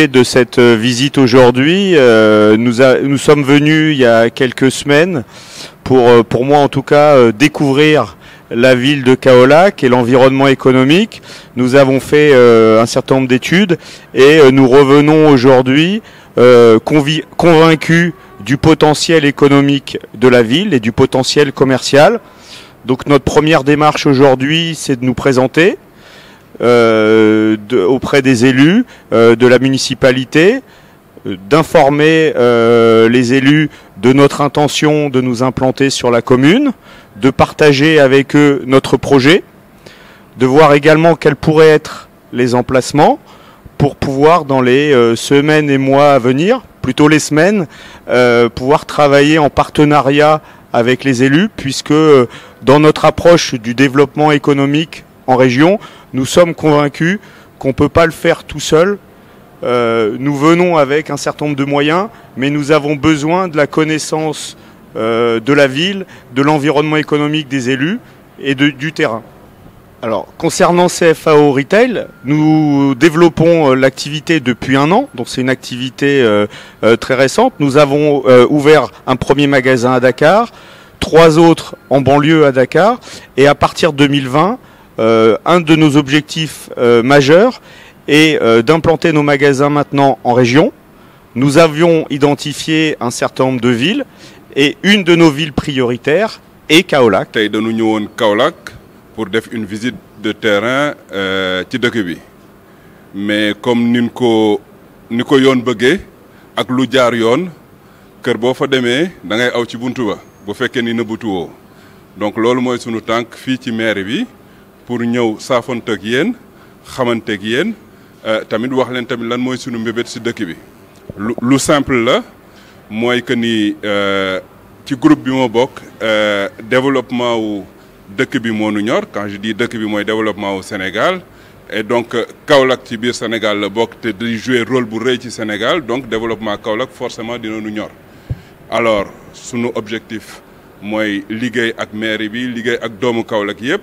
de cette euh, visite aujourd'hui. Euh, nous, nous sommes venus il y a quelques semaines pour, euh, pour moi en tout cas, découvrir la ville de Kaolac et l'environnement économique. Nous avons fait un certain nombre d'études et nous revenons aujourd'hui convaincus du potentiel économique de la ville et du potentiel commercial. Donc notre première démarche aujourd'hui, c'est de nous présenter auprès des élus, euh, de la municipalité, euh, d'informer euh, les élus de notre intention de nous implanter sur la commune, de partager avec eux notre projet, de voir également quels pourraient être les emplacements pour pouvoir dans les semaines et mois à venir, plutôt les semaines, pouvoir travailler en partenariat avec les élus, puisque dans notre approche du développement économique en région, nous sommes convaincus qu'on ne peut pas le faire tout seul. Euh, nous venons avec un certain nombre de moyens, mais nous avons besoin de la connaissance euh, de la ville, de l'environnement économique des élus et du terrain. Alors, concernant CFAO Retail, nous développons euh, l'activité depuis un an, donc c'est une activité très récente. Nous avons ouvert un premier magasin à Dakar, trois autres en banlieue à Dakar, et à partir de 2020, euh, un de nos objectifs euh, majeurs est euh, d'implanter nos magasins maintenant en région. Nous avions identifié un certain nombre de villes et une de nos villes prioritaires est Kaolack. Nous dañu à pour def une visite de terrain à dëkk mais comme nous avons ni ko nous avons ak lu jaar de kër boo fa demee da ngay aw ci buntu ba bu nous ni nëbbutuwoo donc loolu sunu ci maire pour ñëw saafanteeg yéen xamanteeg yéen euh, tamit wax leen tamit lan moy sunu mbébét ci dëkk bi. lu simple la moy que ni euh ci groupe bi mo bok euh développement wu dëkk bi mo nu ñor quand je dis dëkk bi moy développement wu Sénégal. et donc euh, Kaolack ci biir Sénégal la bok té di jouer rôle bu rëy ci Sénégal donc développement Kaolack forcément dina ñu ñor alors sunu objectif moy liggéey ak mairie bi liggéey ak doomu Kaolack yépp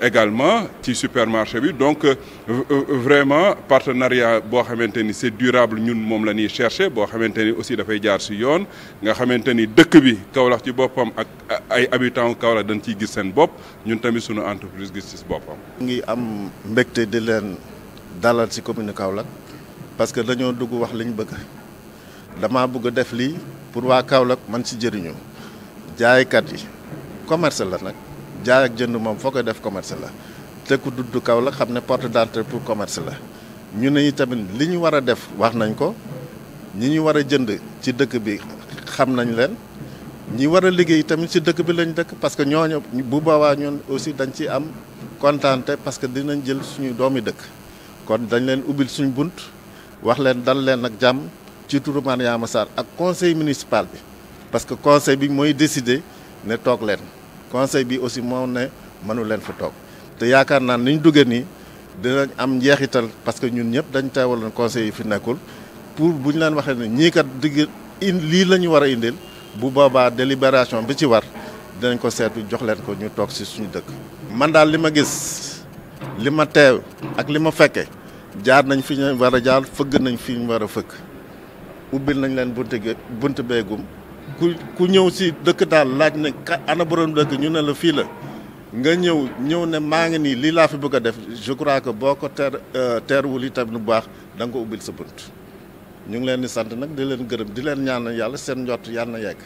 également ci supermarché bi donc euh, euh, vraiment partenariat bo xamanteni c'est durable ñun mom la ñuy chercher bo xamanteni aussi aussi fay jaar ci yoon nga xamanteni ni dëkk bi Kaolack ci bopam ak ay habitants Kaolack dañ ci gis sen bop ñun tamit suñu entreprise gis ci bopam ngi am mbekté de len dalal ci commune Kaolack parce que dañoo dugg wax liñ bëgg dama bëgg def li pour wa Kaolack man ci jëriñu kat yi commerce la nak jaay ak jënd moom foo koy def commerce la te ku dudd kaw la xam ne porte d'entrée pour commerce la ñu ne tamit li ñu war a def wax nañ ko ñi ñu war a jënd ci dëkk bi xam nañ leen ñi war a liggéey tamit ci dëkk bi lañ dëkk parce que ñooñu bu boobaa ñun aussi dañ ci am kontante parce que dinañ jël suñu doomi dëkk kon dañ leen ubbil suñu bunt wax leen dal leen ak jàmm ci turu Mariama ak conseil municipal bi parce que conseil bi mooy décider ne toog leen conseil bi aussi mo ne mënu len fa tok te yakar naa niñ ñu ni dina am jeexital parce que ñun ñep dañ teewaloon conseil yi fi nekul pour buñ ñu leen ni ñi kat dig in lii la ñu indil bu baba délibération bi ci war dañ ko sétu jox len ko ñu tok ci suñu dëkk. man dal lima gis lima tew ak lima fekke jaar nañ fi ñu wara jaar fëgg nañ fi ñu wara fëkk ubil nañ len bunte bunte beegum ku ku ñëw si dëkk daal laaj ne ana borom dëkk ñu ne la fii la nga ñëw ñëw ne maa ngi nii lii laa fi bëgg a def je crois que boo ko teer euh, teerwul itam bu baax da nga ko ubbil sa bunt ñu ngi leen di sant nag di leen gërëm di leen ñaanal yàlla seen njott yàlla na yegg